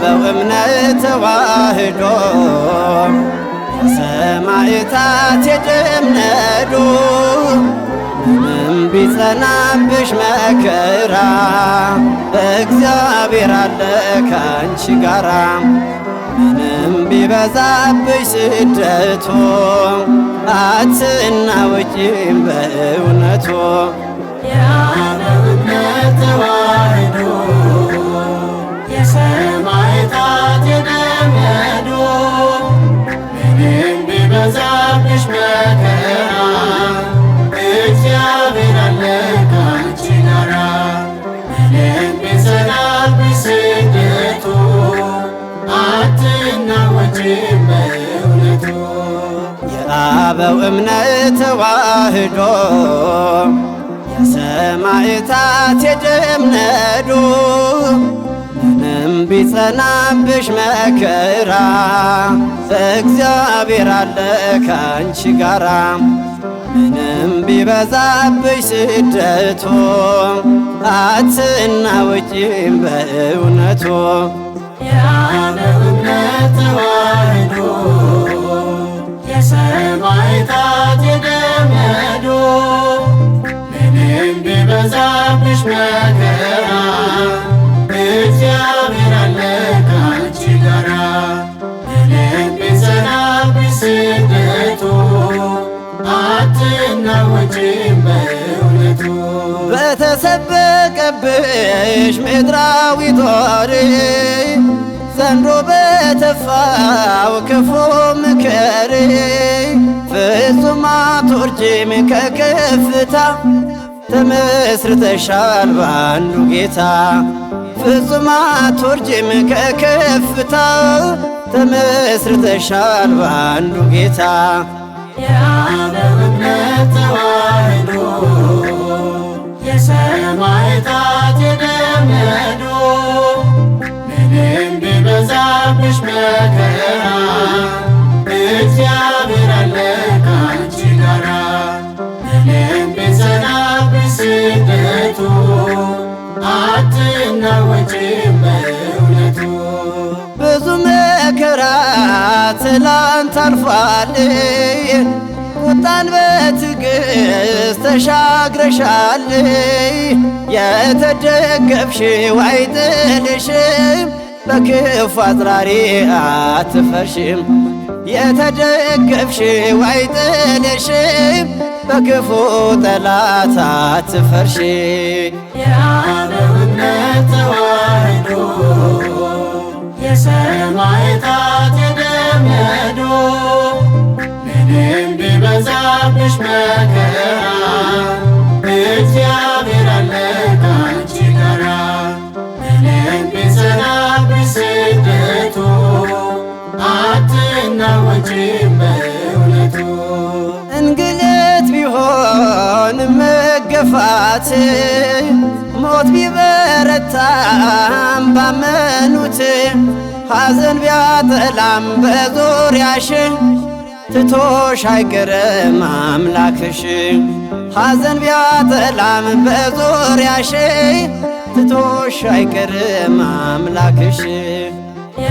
በእምነት ተዋህዶ ሰማዕታት የጭምነዱ ምንም ቢጸናብሽ መከራ በእግዚአብሔር አለ ካንቺ ጋራ ምንም ቢበዛብሽ ስደቱ አትናወጪም በእውነቱ ያ በእምነት ተዋህዶ በእምነት ተዋህዶ የሰማዕታት የደም ነዶ ምንም ቢጸናብሽ መከራ እግዚአብሔር አለ ካንቺ ጋራ ምንም ቢበዛብሽ ስደቶ አትና ውጪም በእውነቱ በተሰበቀብሽ ምድራዊ ጦር ዘንዶ በተፋው ክፉ ምክር ፍጹም አትወርጅም ከከፍታ ተመስርተሻል በአንዱ ጌታ ፍጹም አትወርጅም ከከፍታ ተመስርተሻል በአንዱ ጌታ የአለምነት ተዋህዶ የሰማዕታት የደም ነዶ ምንም ቢበዛብሽ መከራ እግዚአብሔር አለ ካንቺ ጋራ ምንም ቢጸናብሽ ስደቱ አትናወጪም በእውነቱ ብዙ መከራ ትላንት አልፏል ቁጣን በትዕግስት ተሻግረሻል። የተደገፍሽው አይጥልሽም፣ በክፉ አዝራሪ አትፈርሽም። የተደገፍሽው አይጥልሽም፣ በክፉ ጠላት አትፈርሽ የአብነት ተዋህዶ የሰማዕታት አንቺም በእውነቱ እንግልት ቢሆን መገፋት ሞት ቢበረታም ባመኑት ሐዘን ቢያጠላም በዙሪያሽ ትቶሽ አይገርም አምላክሽ ሐዘን ቢያጠላም በዙሪያሽ ትቶሽ አይገርም አምላክሽ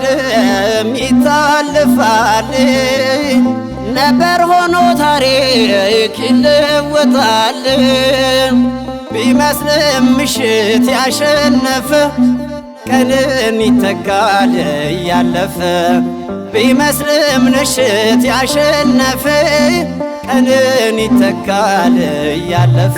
አይደለም ይታልፋል ነበር ሆኖ ታሪክ ይለወጣል። ቢመስልም ምሽት ያሸነፈ ቀንን ይተካል እያለፈ ቢመስልም ምሽት ያሸነፈ ቀንን ይተካል እያለፈ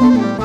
嗯